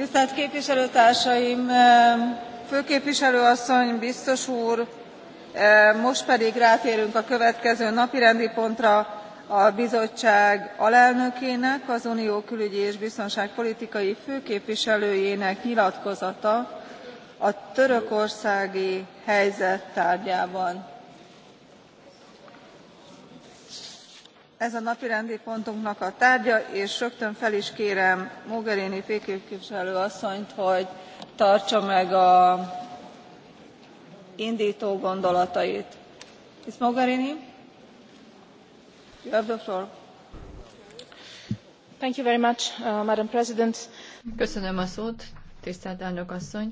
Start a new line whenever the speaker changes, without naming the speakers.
tisztelt képviselőtársaim főképviselő asszony biztos úr most pedig rátérünk a következő napirendi pontra a bizottság alelnökének az unió külügyi és biztonságpolitikai főképviselőjének nyilatkozata a törökországi helyzet tárgyában. ez a napirendi pontunknak a tárgya és rögtön fel is kérem mogherini főképviselő asszonyt hogy tartsa meg az indtó gondolatait. ms mogherini you have the floor.
Thank you very much, uh, Madam President. Köszönöm a szót, tisztelt elnök asszony!